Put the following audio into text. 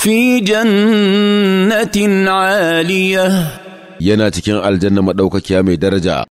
في جنة عالية يناتكين الجنة مدوكك يا درجة